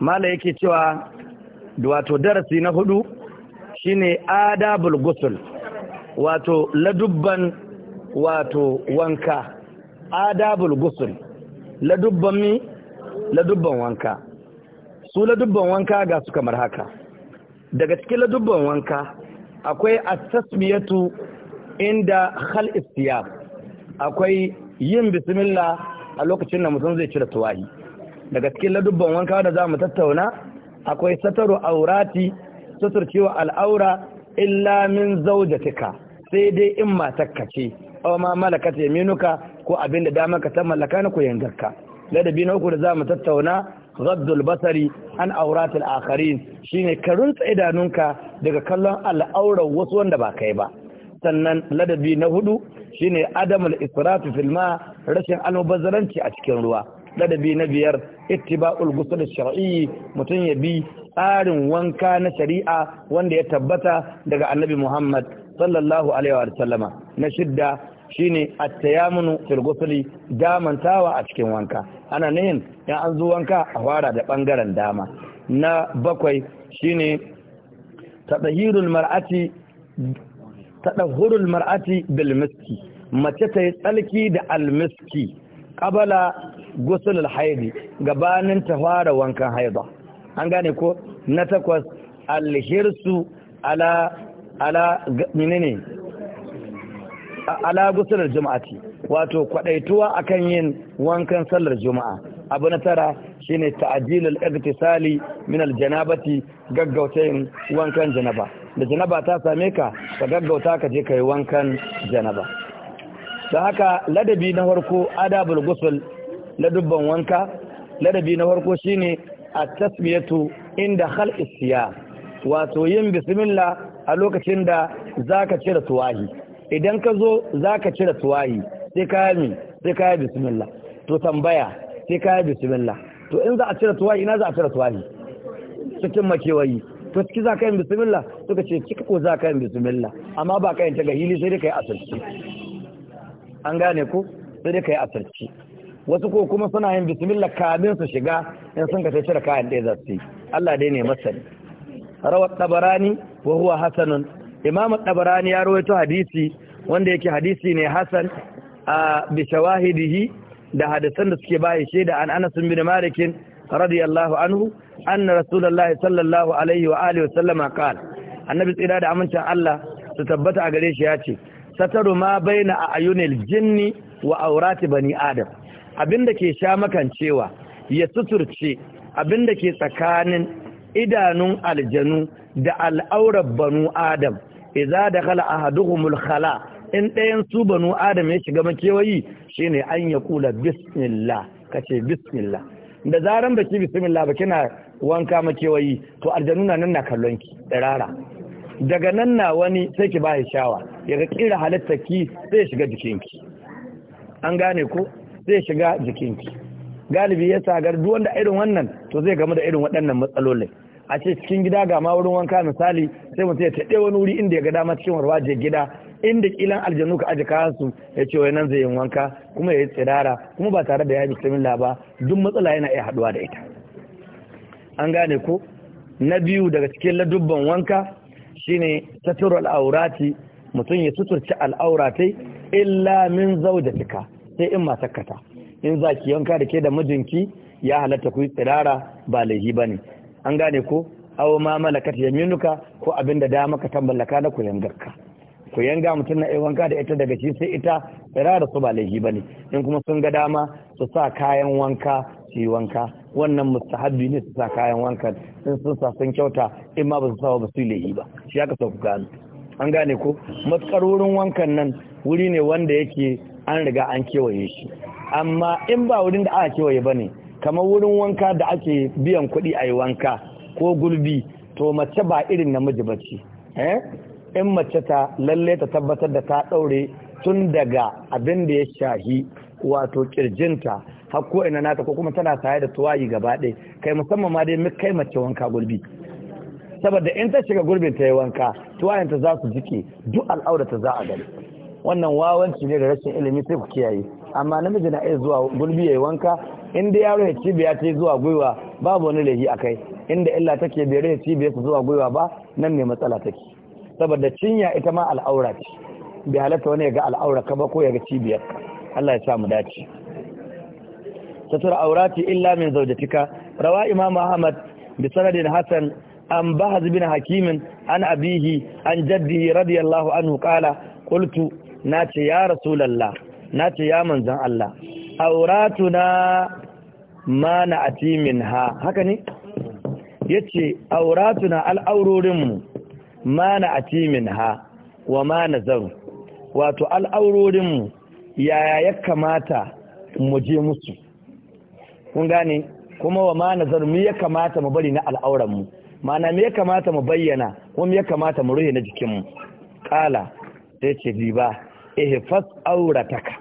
mala yake cewa wato darasi na hudu shine adabul gusul wato ladubban wato wanka adabul gusul ladubban mi ladubban wanka su ladubban wanka ga su kamar haka daga cikin ladubban wanka akwai at-tasmiyatu inda hal istiyab akwai yin bismillah a lokacin da mutum zai cire tuwahi daga cikin ladubban wanka da za mu tattauna akwai sataru aurati suturcewa al'aura illa min zaujatika sai dai in matakka ce aw ma malakat yaminuka ko abin da dama ka ta mallaka na ku yangarka ladabi na uku da za mu tattauna ghaddul basari an auratil akharin shine ka runtsa idanunka daga kallon al'aurar wasu wanda ba kai ba sannan ladabi na hudu shine adamul israfi fil ma rashin almubazzaranci a cikin ruwa ladabi na biyar ittiba'ul ghusl shar'i mutum ya bi tsarin wanka na shari'a wanda ya tabbata daga annabi Muhammad sallallahu alaihi wa sallama na shidda shine at tayammun fil ghusl damantawa a cikin wanka ana nihin ya an zo wanka a fara da bangaren dama na bakwai shine tadhirul mar'ati taɗa mar'ati bil miski mace ta yi tsalki da almiski ƙabala ghusl al haidi gabanin ta fara wankan haida an gane ko na takwas al ala ala menene ala ghusl al wato kwadaituwa akan yin wankan sallar juma'a abu na tara shine ta'jilul igtisali min al janabati gaggauta wankan janaba da janaba ta same ka ka gaggauta ka je ka yi wankan janaba da haka ladabi na farko adabul gusul na dubban wanka ladabi na farko shine a tasmiyatu inda hal isiya wato yin bismillah a lokacin da zaka cire tuwahi idan ka zo zaka cire tuwahi sai ka yi sai ka yi to tambaya sai ka yi to in za a cire tuwahi ina za a cire tuwahi cikin makewayi to ciki za ka yin bismillah suka ce ciki ko za ka yin bismillah amma ba ka yin ta ga hili sai dai ka yi asirci an gane ku, sai dai ka yi asirci wasu ko kuma suna yin bismillah kamin su shiga in sun ka sai cire kayan ɗaya za su Allah dai ne masani rawat tabarani wa huwa hasanun imam tabarani ya rawaito hadisi wanda yake hadisi ne hasan a bi shawahidihi da hadisan da suke bayi shaida an Anas bin Malik radiyallahu anhu anna rasulullahi sallallahu alaihi wa alihi wasallama qala annabi tsira da amincin Allah su tabbata a gare shi yace. ce sataru ma baina a ayunil jinni wa aurati bani adam abinda ke sha makancewa ya suturce abinda ke tsakanin idanun aljanu da al'aurar banu adam idza dakhala ahaduhumul khala in ɗayan su banu adam ya shiga makewayi shine an ya kula bismillah kace bismillah da zaran baki bismillah ba kina wanka makewayi to aljanuna nan na kallon ki tsirara daga nan na wani sai ki ba shawa ya ga kira halittar ki sai ya shiga jikin ki. an gane ko ya shiga jikin ki. galibi ya sagar duk wanda irin wannan to zai gamu da irin waɗannan matsalolin a ce cikin gida ga ma wurin wanka misali sai mutum ya taɗe wani wuri inda ya ga dama cikin warwaje gida inda kilan aljanu ka aji kayan su ya ce nan zai yin wanka kuma ya yi tsirara kuma ba tare da ya yi bismillah ba duk matsala yana iya haɗuwa da ita an gane ko na biyu daga cikin ladubban wanka shine saturul al'aurati mutum ya suturci al'auratai illa min zaujatika sai in matakata in za ki yanka da ke da mijinki ya halatta ku tsirara ba laihi bane an gane ko aw ma malakat yaminuka ko abin da dama ka tambalaka na ku yangarka ku yanga mutum na wanka da ita daga shi sai ita tsirara su ba laihi bane in kuma sun ga dama su sa kayan wanka su yi wanka wannan mustahabbi ne su sa kayan wanka, in sun sa sun kyauta in ma ba su sawa ba su yi ba shi aka sauku gano an gane ko matukar wurin wankan nan wuri ne wanda yake an riga an kewaye shi amma in ba wurin da aka kewaye ba ne kamar wurin wanka da ake biyan kuɗi a yi wanka ko gulbi to mace ba irin namiji ba ce eh? in mace ta lalle ta tabbatar da ta ɗaure tun daga abin da ya shahi wato kirjinta har ina nata ko kuma tana saye da tuwayi gaba ɗaya kai musamman ma dai kai mace wanka gurbi, saboda in ta shiga gurbin ta yi wanka tuwayin ta za su jike duk al'aura ta za a gani wannan wawanci ne da rashin ilimi sai ku kiyaye amma namiji na iya zuwa gurbi ya wanka inda yaro ya cibiya ta zuwa gwiwa babu wani lahi a kai inda illa take bai rage cibiya ta zuwa gwiwa ba nan ne matsala take saboda cinya ita ma al'aura ce bai halatta wani ya ga al'aura ka ba ko ya ga cibiyar Allah ya sa mu dace satura aurati illa min zaujatika, rawa imam ahmad bi sanadin hasan an bahaz bin hakimin an abihi an jaddihi radiyallahu anhu qala qultu nace ya rasulullah nace ya manzon Allah auratuna ma na ati minha haka ne yace auratuna al'aurorin mu ma na ati minha wa ma nazaru wato al'aurorin mu yaya ya kamata mu je musu kun gane kuma wa ma nazar mu ya kamata mu bari na al'auran mu mana me ya kamata mu bayyana kuma me ya kamata mu ruhe na jikin mu kala sai ce Eh ihfas aurataka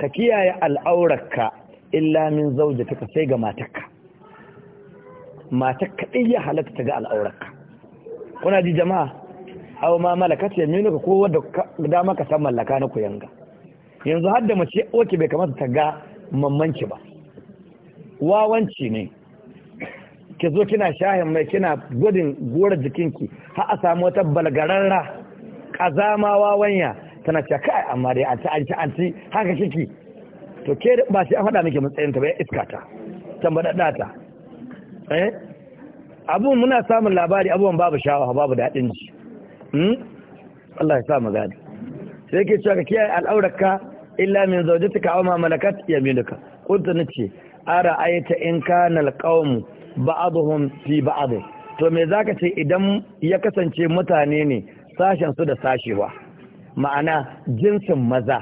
ka kiyaye al'aurarka illa min zaujataka sai ga matarka matarka kaɗai ya halatta ta ga al'aurarka kuna ji jama'a aw ma malakat yaminuka ko wanda dama ka san mallaka na ku yanga yanzu har da mace oke bai kamata ta ga mamanki ba wawanci ne ki zo kina shahin mai kina gudun gora jikinki har a samu wata balgararra kazama wawanya tana cewa kai amma dai an ci an ci an ci haka kiki to ke ba shi an faɗa miki matsayin ta bai iska ta tambada ta eh abun muna samun labari abubuwan babu shawa babu dadin ji hmm? Allah ya sa mu gani sai ke cewa ka kiyaye al'aurarka illa min zawjatika aw ma malakat yaminuka kuntu nace ara in kana alqaum ba'dhum fi ba'd to me zaka ce idan ya kasance mutane ne sashen su da sashewa ma'ana jinsin maza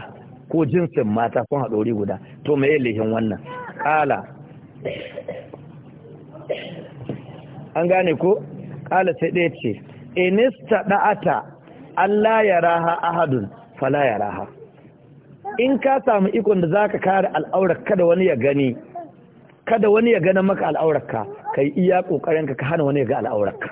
ko jinsin mata sun haɗori guda to me lihin wannan kala an gane ko kala sai ɗaya ce inista da'ata Allah ya raha ahadun fala ya raha in ka samu ikon da zaka kare al'aurar kada wani ya gani kada wani ya gana maka al'aurarka yi iya ƙoƙarin ka hana wani ya ga al'aurarka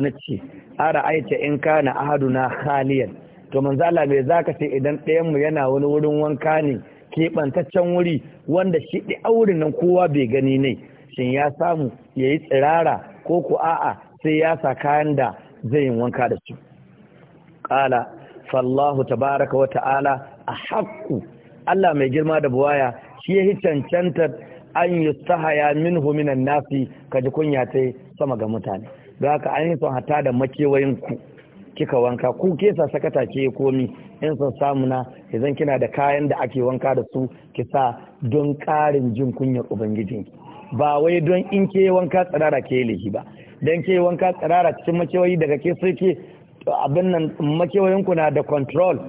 na ce ara aita in ka na kana na haliyan, to manzala mai za zaka ce idan ɗayan mu yana wani wurin wanka ne keɓantaccen wuri wanda shi ɗi auren nan kowa bai gani ne shin ya samu ya yi tsirara ko ku a'a sai ya sa kayan da zai yi wanka da su ƙala fallahu tabaraka wa ta'ala a haƙƙu Allah mai girma da buwaya shi ya cancanta an yi sahaya min huminan nasi ka ji kunya ta sama ga mutane don haka an yi son hata da makewayin ku kika wanka ku kesa sakata ke komi in sun samu na idan kina da kayan da ake wanka da su ki sa don ƙarin jin kunyar ubangijin ba wai don in ke wanka tsirara ke ba don ke wanka tsirara cikin makewayi daga ke sai ke abin nan makewayin ku na da control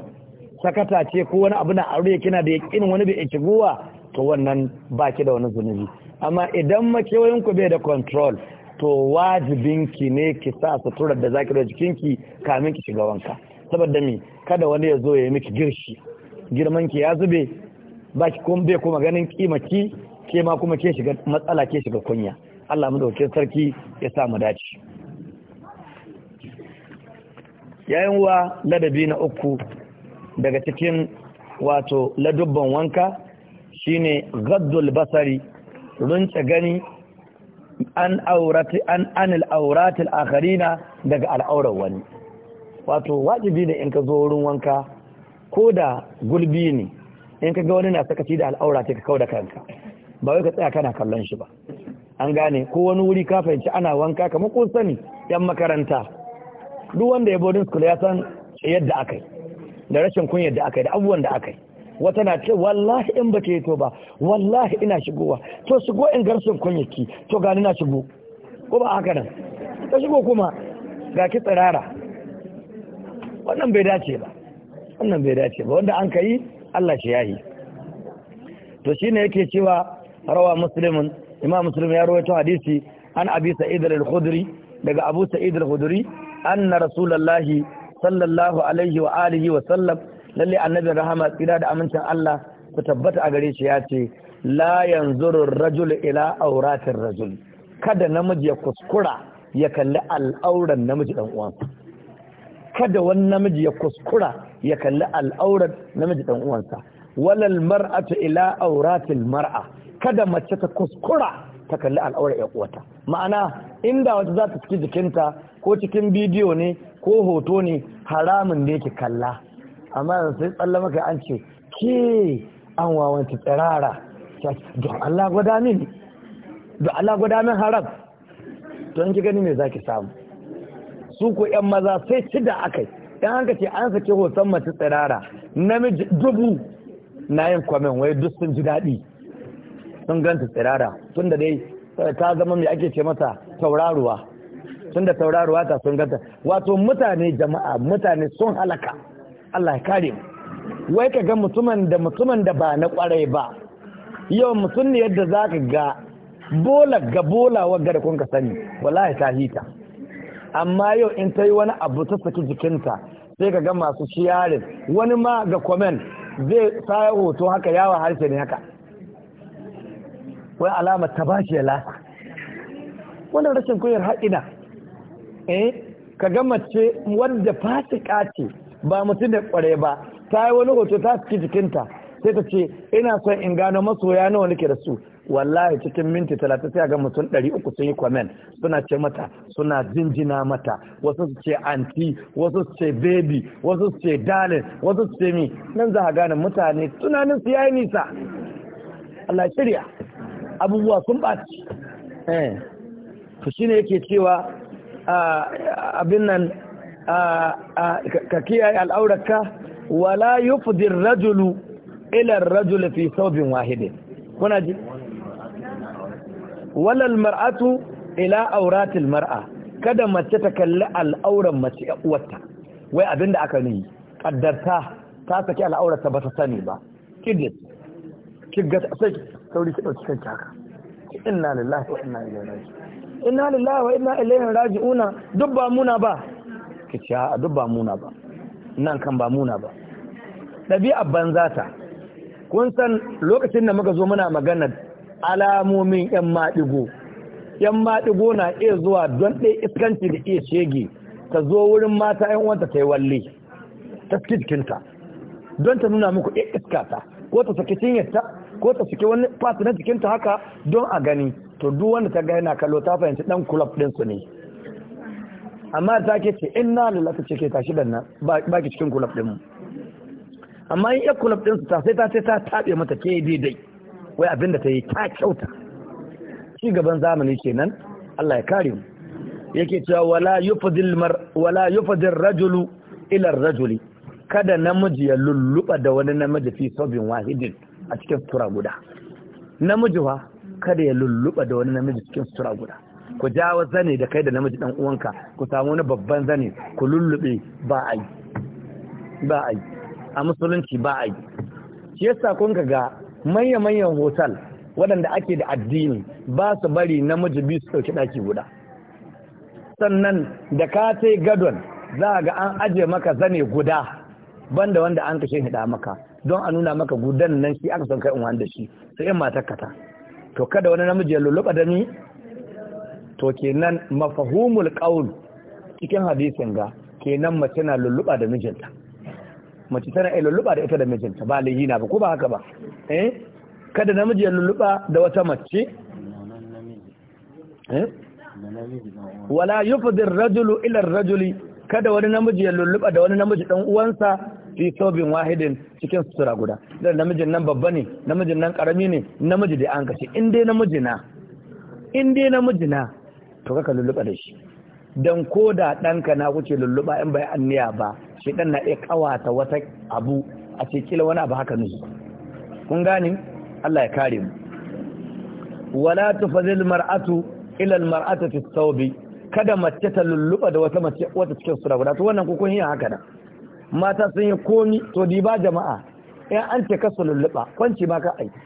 sakata ce ko wani abu na aure kina da yakin wani bai ci guwa to wannan ba ki da wani zunubi amma idan makewayin ku bai da control to wajibinki ne ki sa suturar da zaki da jikinki kamin ki shiga wanka saboda me, kada wani ya zo ya yi miki girshi girman ki ya zube ba ki kuma bai kuma ganin ki, ke ma kuma ke shiga matsala ke shiga kunya Allah mu dauke sarki ya sa mu dace yayin wa ladabi na uku daga cikin wato ladubban wanka shine gaddul basari runce gani an aurati an anil auratil akharina daga al'aurar wani wato wajibi ne in ka zo wurin wanka ko da gulbi ne in ka ga wani na sakaci da al'aura ka kawo da kanka ba wai ka tsaya kana kallon shi ba an gane ko wani wuri ka fahimci ana wanka kamar kun sani yan makaranta duk wanda ya boarding school ya san yadda akai da rashin kun yadda akai da abubuwan da akai wata na ce wallahi in ba ta yi to ba wallahi ina shigowa to shigo in garsun kunyaki to gani na shigo ko ba haka nan ta shigo kuma ga ki tsirara wannan bai dace ba wannan bai dace ba wanda an kai Allah shi yahi to shine yake cewa rawa muslimin imam muslim ya rawaito hadisi an abi sa'id al-khudri daga abu sa'id al-khudri anna rasulullahi sallallahu alaihi wa alihi wa sallam lalle annabin rahama tsira da amincin Allah ku tabbata a gare shi ya ce la yanzuru rajul ila auratin rajul kada namiji ya kuskura ya kalli al'auran namiji dan uwansa kada wani namiji ya kuskura ya kalli al'auran namiji dan uwansa walal mar'atu ila auratil mar'a kada mace ta kuskura ta kalli al'auran ya uwata ma'ana inda wata za ta ciki jikinta ko cikin bidiyo ne ko hoto ne haramun ne ki kalla amma sai tsalle maka an ce ke an wawanta tsirara don Allah gwada min don Allah gwada min haram to ki gani me ki samu su ko yan maza sai ci da aka yi. Yan hanka ce an sake hoton mace tsirara namiji dubu na yin kwamen wai duk sun ji daɗi sun ganta tsirara tunda dai eh, ta zama mai ake ce mata tauraruwa tunda tauraruwa ta sun ganta wato mutane jama'a mutane sun halaka Allah ya kare mu wai ka ga mutumin da mutumin da ba na kwarai ba yau mutum ne yadda za ka ga bola ga bola wagga da kun ka sani wallahi ta hita amma yau in ta yi wani abu ta saki jikinta sai ka ga masu ciyarin wani ma ga kwamen zai saya hoto haka yawa harshe ne haka wai alamar ta ba shi ya lasa wannan rashin kuyar haɗina eh ka ga mace wanda fasika ce ba mutum da kware ba ta yi wani hoto ta ciki jikinta sai ta ce ina son in gano masoya nawa nake da su wallahi cikin minti talatin sai ga mutum ɗari uku sun yi kwamen suna ce mata suna jinjina mata wasu su ce anti wasu su ce baby wasu su ce darling wasu su ce mi nan za a gane mutane tunanin su yayi nisa Allah shirya abubuwa sun ɓaci eh to shine yake cewa ah, abin nan ka kiyaye al'aurarka wala yufdi rajulu ila rajul fi thawbin wahidin kuna ji Walal mar'atu ila awrati mar'a. kada mace ta kalli al'auran mace uwarta wai abinda aka nuni kaddarta ta saki al'aurarta ba ta sani ba kidit kigga sai sauri ki dauki kanki haka inna lillahi wa inna inna lillahi wa inna ilaihi raji'una duk ba muna ba ka ce a duk ba muna ba nan kan ba muna ba ɗabi'a banza ta kun san lokacin da muka zo muna magana alamomin yan maɗigo yan maɗigo na iya zuwa don ɗaya iskanci da iya shege ta zo wurin mata yan wanta ta yi walle ta jikinta don ta nuna muku iya iska ta ko ta saki cinyarta ko ta saki wani fasinan na jikinta haka don a gani to duk wanda ta ga yana kallo ta fahimci dan kulab ɗinsu ne amma ta ke ce in na lillahi ce ke tashi da nan ba ki cikin kulab ɗinmu amma in yan kulab din su ta sai ta sai ta taɓe mata ke daidai wai abin da ta yi ta kyauta ci gaban zamani kenan Allah ya kare mu yake cewa wala yufdil mar rajulu ila rajuli kada namiji ya lulluba da wani namiji fi sabin wahidin a cikin sutura guda namiji wa kada ya lulluba da wani namiji cikin sutura guda ku jawo zane da kai da namiji dan uwanka ku samu wani babban zane ku lullube ba a yi ba a yi a musulunci ba a yi shi yasa kun ga manya manyan hotel waɗanda ake da addini ba su bari namiji biyu su ɗauki ɗaki guda sannan da ka ce gadon za ga an aje maka zane guda banda wanda an kashe hida maka don a nuna maka gudan nan shi aka son kai in da shi sai in matar kata to kada wani namiji ya lulluɓa da ni to kenan mafahumul qaul cikin hadisin ga kenan mace na lulluba da mijinta mace tana ai lulluba da ita da mijinta ba lihina ba ko ba haka ba eh kada namiji ya lulluba da wata mace eh wala yufdir rajulu ila rajuli kada wani namiji ya lulluba da wani namiji dan uwansa fi sobin wahidin cikin sutura guda da namijin nan babba ne namijin nan karami ne namiji da an kace in dai namiji na in dai namiji na to kaka lulluɓa da shi don ko da ɗanka na wuce lulluɓa in bai anniya ba shi ɗan na iya kawata wata abu a ce kila wani abu haka nuzu kun gane Allah ya kare mu wala tufazil mar'atu ila mar'atu fi thawbi kada mace ta lulluɓa da wata mace wata cikin sura guda to wannan ko kun yi haka da. mata sun yi komi to di ba jama'a in an ce kasu lulluɓa kwanci ma ka aiki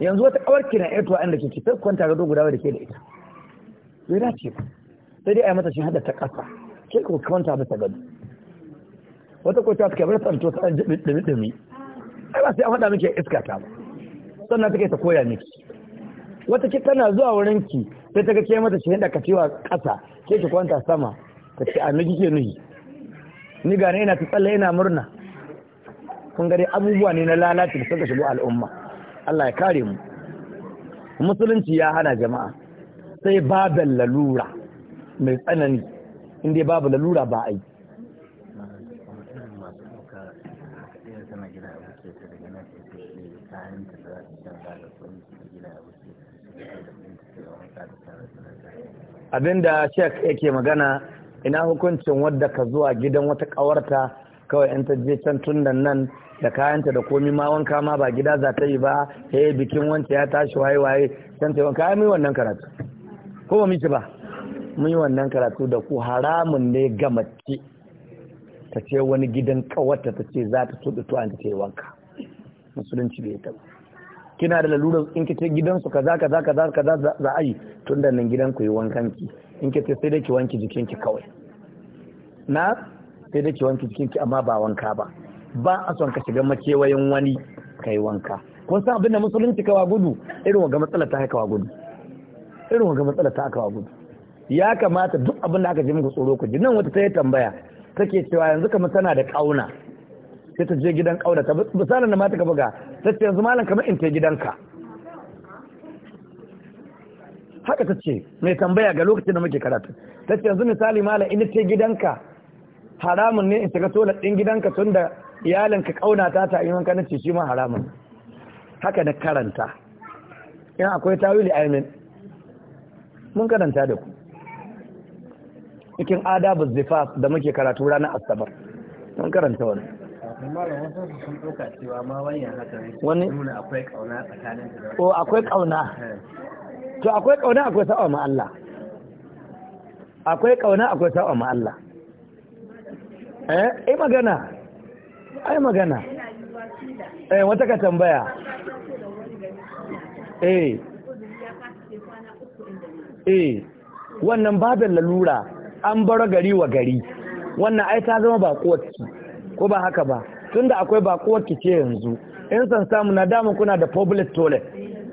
yanzu wata kawarki na ƴar inda ke ci kwanta dogo dawa da ke da ita bai dace ba sai dai a yi mata hada ta ƙasa ke ko kawanta bisa gado wata ko ta kai bar tsanto ta dumi dumi ai ba sai an haɗa miki iska ta ba sannan ta kai ta koya miki wata ki tana zuwa wurin ki sai ta ga ke mata hada ka cewa ƙasa ke ki kwanta sama ta ce a miki ke nuhi ni gane ina ta tsalle ina murna kun gare abubuwa ne na lalace da suka shigo al'umma Allah ya kare mu musulunci ya hana jama'a sai babin lalura mai tsanani inda babu lalura ba a yi abinda shek yake magana ina hukuncin wadda ka zuwa gidan wata kawarta kawai in ta je can tun nan da kayanta da komi ma wanka ma ba gida za ta yi ba ya eh, yi bikin wancan ya tashi waye waye can ta yi wanka ya mai wannan karatu ko ba miki ba mun yi wannan karatu da ku haramun ne ga mace ta ce wani gidan kawata ta ce za ta tuɗi tuwa ta ce wanka musulunci bai ta kina da lalurar in ce gidansu kaza kaza kaza kaza za a yi tun da nan gidan ku yi wankan ki in ce sai dai ki wanki ki kawai na sai dai ki wanki ki amma ba wanka ba ba a son ka shiga makewayin wani kai wanka kun san abin da musulunci kawa gudu irin wa ga matsala ta kawa gudu irin wanga matsala ta aka gudu ya kamata duk abin da aka ji muku tsoro ku ji nan wata ta yi tambaya take cewa yanzu kamar tana da kauna sai ta je gidan kauna ta misalin da mata ka buga ta ce yanzu malam kamar in ta gidanka haka ta ce mai tambaya ga lokacin da muke karatu ta ce yanzu misali malam in ta gidanka haramun ne in shiga tolar ɗin gidanka tun da iyalinka kauna ta ta yi wanka na ce shi ma haramun haka da karanta in akwai tawili amin mun karanta da ku cikin adabu zifaf da muke karatu ranar asabar mun karanta wani wani akwai kauna oh, eh. to akwai kauna akwai sa'o ma Allah akwai kauna akwai sa'o ma Allah eh ai magana ai magana eh wata ka tambaya eh eh wannan babin lalura an bar gari wa gari wannan ai ta zama bakuwarki ko ba haka ba tunda akwai bakuwarki ce yanzu in san samu na dama kuna da public toilet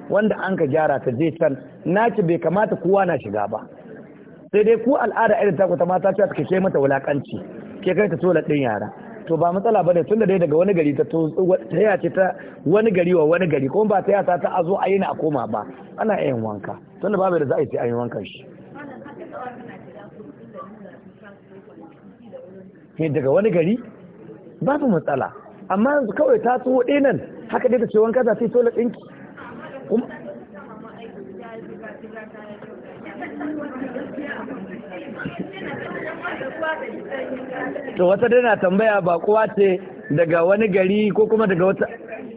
wanda an ka gyara ta je can naki bai kamata kowa na shiga ba sai dai ku al'ada irin ta ta mata ce ta kake mata wulakanci ke kai ta toilet din yara to ba matsala bane tun da dai daga wani gari ta taya ce ta wani gari wa wani gari kuma ba taya ta ta azo a yana a koma ba ana yin wanka tun da babu da za a yi sai an yi wankan shi ne eh, daga wani gari babu matsala amma kawai ta tsoho ɗinan nan haka dai ta ce wanka za ta yi tola ɗinki to wata dai na tambaya ba kowa ce daga wani gari ko kuma daga wata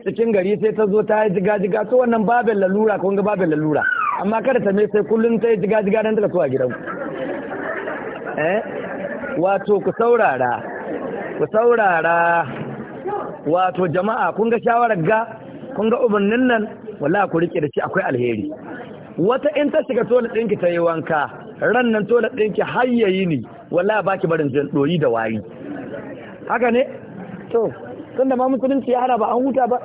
cikin gari sai ta zo ta yi jiga-jiga to wannan babin lalura ko ga babin lalura amma kada ta mai sai kullum ta yi jiga-jiga don ta a gidan eh wato ku saurara ku saurara wato jama'a kun ga shawarar ga kun ga umarnin nan wallahi ku rike da shi akwai alheri wata in ta shiga tola ɗinki ta yi wanka ran nan tola ɗinki har yayi ne wala ba ki barin ɗoyi da wayi haka ne to tun da ma musulunci ya hana ba an huta ba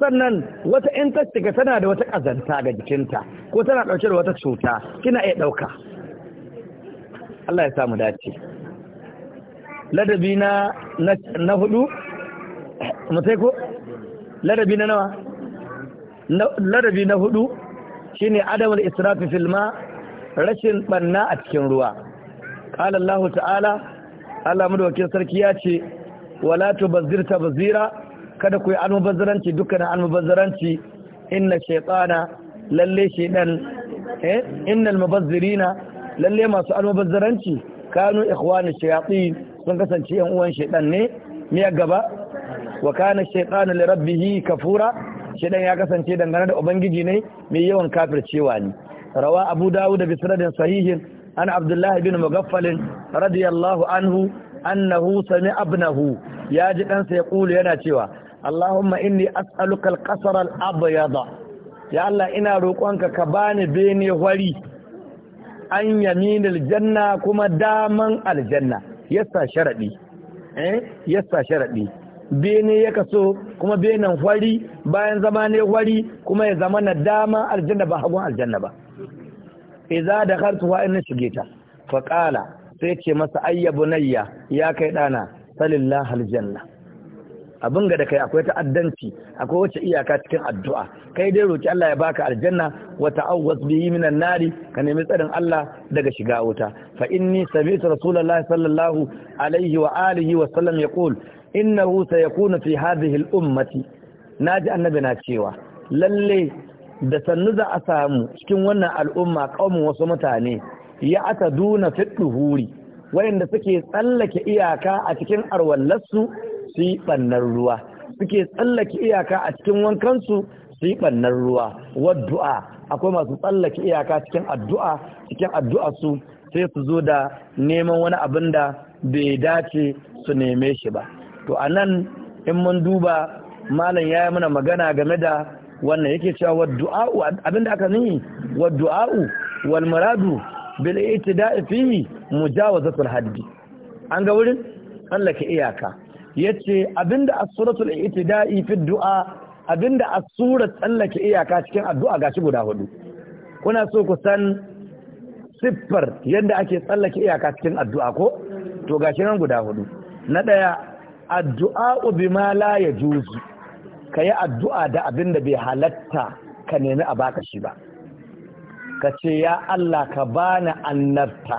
sannan wata in ta shiga tana da wata ƙazanta ga jikinta ko tana ɗauke da wata cuta kina iya ɗauka Allah ya samu dace ladabi na na hudu mutai ko ladabi na nawa ladabi na hudu shine adamul israfi fil ma rashin banna a cikin ruwa qala Allah ta'ala Allah madawakin sarki ya ce wala tubazzir tabzira kada ku yi almubazzaranci dukkan almubazzaranci inna shaytana lalle shaydan eh innal mubazzirina lalle masu almubazzaranci kanu ikhwanu shayatin sun kasance yan uwan shaydan ne me gaba wa kana shaytanu li kafura shedan ya kasance dangane da ubangiji ne mai yawan kafircewa ne rawa abu dawud bi sanadin sahihin an abdullah ibn mughaffal radiyallahu anhu annahu sami abnahu ya ji ɗansa ya kulu yana cewa Allahumma inni as'aluka al-qasr al-abyad ya Allah ina roƙonka ka bani bene wari an yaminil janna kuma daman aljanna yassa sharadi eh yassa sharadi bene ya kaso kuma benen hwari bayan zama ne hwari kuma ya zama na dama aljanna ba hagun aljanna ba idza wa in shigeta fa qala sai ce masa ayya bunayya ya kai dana salillah aljanna abin ga da kai akwai ta'addanci akwai wace iyaka cikin addu'a kai dai roki Allah ya baka aljanna wa ta'awwaz bihi minan nari ka nemi tsarin Allah daga shiga wuta fa inni sami'tu rasulullahi sallallahu alaihi wa alihi wa sallam yaqul innahu sayakunu fi hadhihi al-ummati naji annabi na cewa lalle da sannu za a samu cikin wannan al'umma kaumin wasu mutane ya ata duna fiɗuhuri wayanda suke tsallake iyaka a cikin arwallarsu su yi ɓannar ruwa suke tsallake iyaka a cikin wankansu su yi ɓannar ruwa waddu'a akwai masu tsallake iyaka cikin addu'a cikin addu'a su sai su zo da neman wani abin da bai dace su neme shi ba to a nan in mun duba malam ya yi mana magana game da wannan yake cewa du'a'u abinda aka nihi wa du'a'u wal muradu bil itida'i fihi mujawazatul haddi an ga wurin tsallake iyaka yace abinda as-suratul itida'i fi du'a abinda as-sura tsallake iyaka cikin addu'a gashi guda hudu kuna so ku san siffar yadda ake tsallake iyaka cikin addu'a ko to gashi nan guda hudu na daya addu'a ma la yajuzu kayi addu'a da abin da bai halatta ka nemi a baka shi ba ka ce ya Allah ka bani annarta,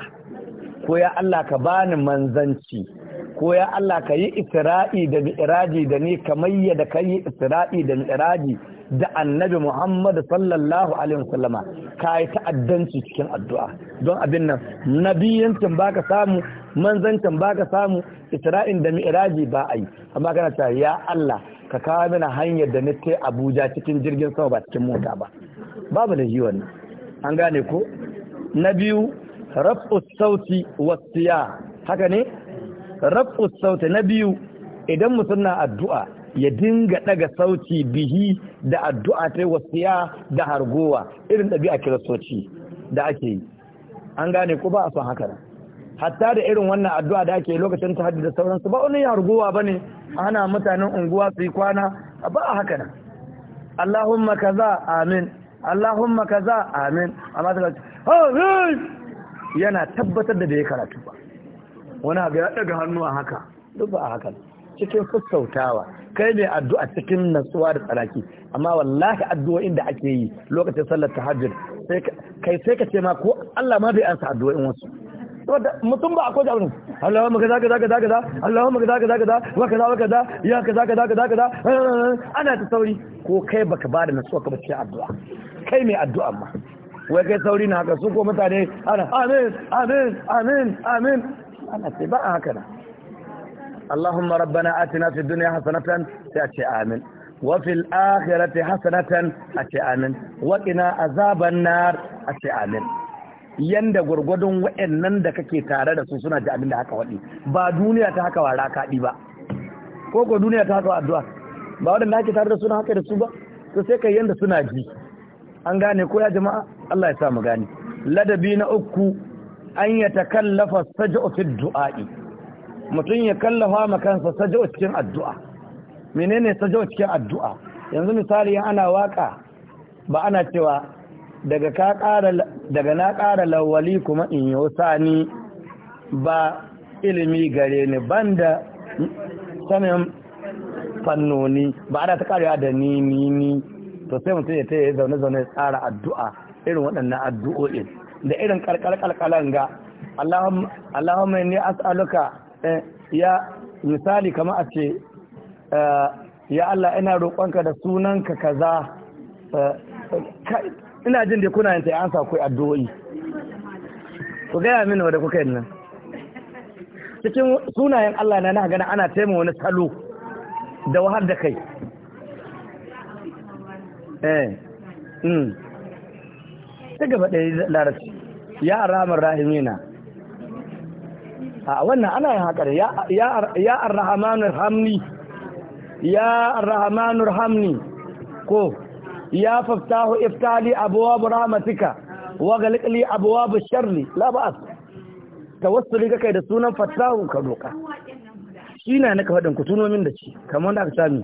ko ya Allah ka bani manzanci ko ya Allah ka yi isra'i da mi'raji da ni kamar yadda ka yi isra'i da mi'raji da annabi Muhammad sallallahu alaihi wasallama ka yi ta'addanci cikin addu'a don abin nan nabiyancin baka samu manzancin baka samu isra'in da mi'raji ba a yi amma kana cewa ya Allah ka kawo mana hanyar da nake Abuja cikin jirgin sama ba cikin mota ba babu da yi wannan an gane ko Nabiyu, biyu raf'u sauti wasiya haka ne raf'u sauti na biyu idan mutum na addu'a ya dinga daga sauti bihi da addu'a ta wasiya da hargowa irin ɗabi'a kiristoci da ake yi an gane ko ba a son haka hatta da irin wannan addu'a da ake lokacin ta da sauransu ba wani hargowa ba ne ana mutanen unguwa su yi kwana ba a haka nan Allahumma kaza amin Allahumma kaza amin amma ta yana tabbatar da bai karatu ba wani abu ya daga hannu a haka duk ba a haka cikin sassautawa kai mai addu'a cikin natsuwa da tsaraki amma wallahi addu'o'in da ake yi lokacin sallar tahajjud sai kai sai ka ce ma ko Allah ma bai ansa addu'o'in wasu saboda mutum ba akwai jami'in Allahumma kaza kaza kaza kaza Allahumma kaza kaza kaza wa kaza wa kaza ya kaza kaza kaza kaza ana ta sauri ko kai baka ba da natsuwa ka bace addu'a kai mai addu'a ma wai kai sauri na haka su ko mutane ana amin amin amin amin ana ce ba a haka na اللهم ربنا آتنا في الدنيا حسنة تأتي آمين وفي الآخرة حسنة أتي آمين وقنا عذاب النار أتي آمين yanda gurgudun wa'annan da kake tare da su suna ji abin da haka waɗi ba duniya ta haka wara kaɗi ba ko ko duniya ta haka addu'a ba waɗanda ake tare da suna haka da su ba to sai kai yanda suna ji an gane ko ya jama'a Allah ya sa mu gane ladabi na uku an yatakallafa saj'u fi du'a'i mutum ya kallafa ma kansa sajo cikin addu'a menene sajo cikin addu'a yanzu misali ana waka ba ana cewa daga na ƙara lawali kuma in yi sani ba ilimi gare ni banda sanin fannoni ba ana ta ƙarewa da ni ni ni to sai mutum ya taya zaune zaune tsara addu'a irin waɗannan addu'o'in da irin ƙarƙar ƙalƙalan ga Allahumma inni as'aluka Eh, ya misali kama a ce eh, ya Allah ina roƙonka da sunanka kaza eh, ina jin da kuna yin ta an sa kai addu'o'i ku gaya mini wadda kuka yin nan cikin sunayen Allah na na gana ana taimaka wani salo da wahar da kai eh mm ta gaba ɗaya larabci ya ramar rahimina a wannan ana yin haka ya arrahamanur hamni ya arrahamanur hamni ko ya faftahu iftali abwab rahmatika wa ghalqli abwab sharri la ba'as tawassuli kake da sunan fattahu ka doka shi na naka faɗin ku tuno da shi kamar da aka sami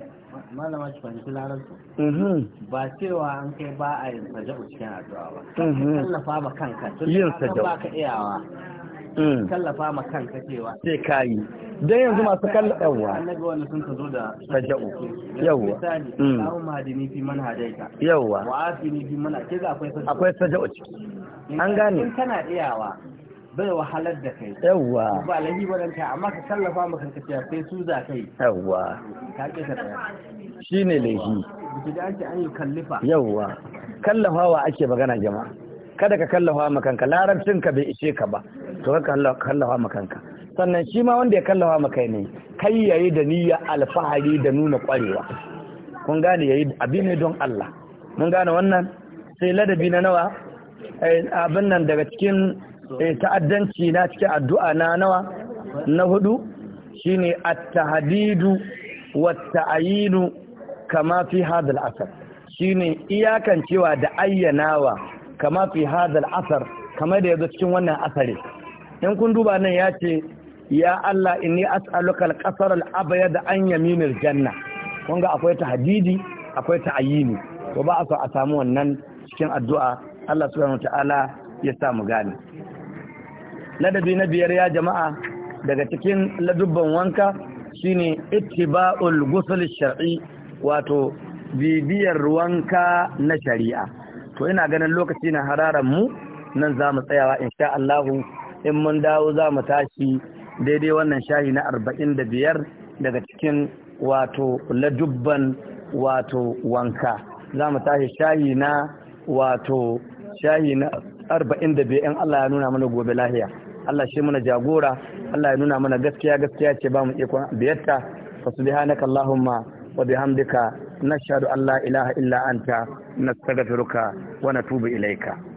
malama ki fahimci larabci mhm. ba cewa an kai ba a yin saja'u cikin addu'a ba mhm. tallafa ba kanka tun da ba ka iyawa Mm. tallafa ma kanka cewa sai kayi dan yanzu masu kallon yawa annabi wannan sun tazo da tajau yawa misali mm. Allahumma hadini fi man hadaita yawa wa afini fi man ga akwai tajau akwai tajau ciki an gane in kana iyawa bai wahalar da kai yawa ba lahi ta amma ka tallafa ma kanka cewa sai su za kai yawa ka ke ta shine lahi biki da an an yi kallifa yawa kallafawa ake magana jama'a kada ka kallafa ma larabcin ka bai ishe ka ba to ka kallafa wa kanka sannan shi ma wanda ya kallafa wa kai ne kai yayi da niyya alfahari da nuna kwarewa kun gane yayi abin ne don Allah mun gane wannan sai ladabi na nawa eh, abin nan daga cikin eh, ta'addanci na cikin addu'a na nawa na hudu shine at-tahdidu wat-ta'yinu kama fi hadal asar shine iyakancewa da ayyanawa kama fi hadal asar kamar da yazo cikin wannan asari in kun duba nan ya ce ya Allah inni as'aluka al-qasar al-abyad an yaminil janna kun ga akwai Hadidi, akwai ta Ayini, to ba a so a samu wannan cikin addu'a Allah subhanahu wataala ya sa mu gane ladabi na biyar ya jama'a daga cikin ladubban wanka shine ittiba'ul ghusl shar'i wato bibiyar wanka na shari'a to ina ganin lokaci na hararar mu nan za mu tsayawa insha Allah in mun dawo za mu tashi daidai wannan shahi na arba'in da biyar daga cikin wato ladubban wato wanka za mu tashi shahi na wato shahi na arba'in da biyar in Allah ya nuna mana gobe lahiya Allah shi mana jagora Allah ya nuna mana gaskiya gaskiya ce ba mu ikon biyarta fa subhanaka wa bihamdika Na an Allah ilaha illa anta nastaghfiruka wa natubu ilaika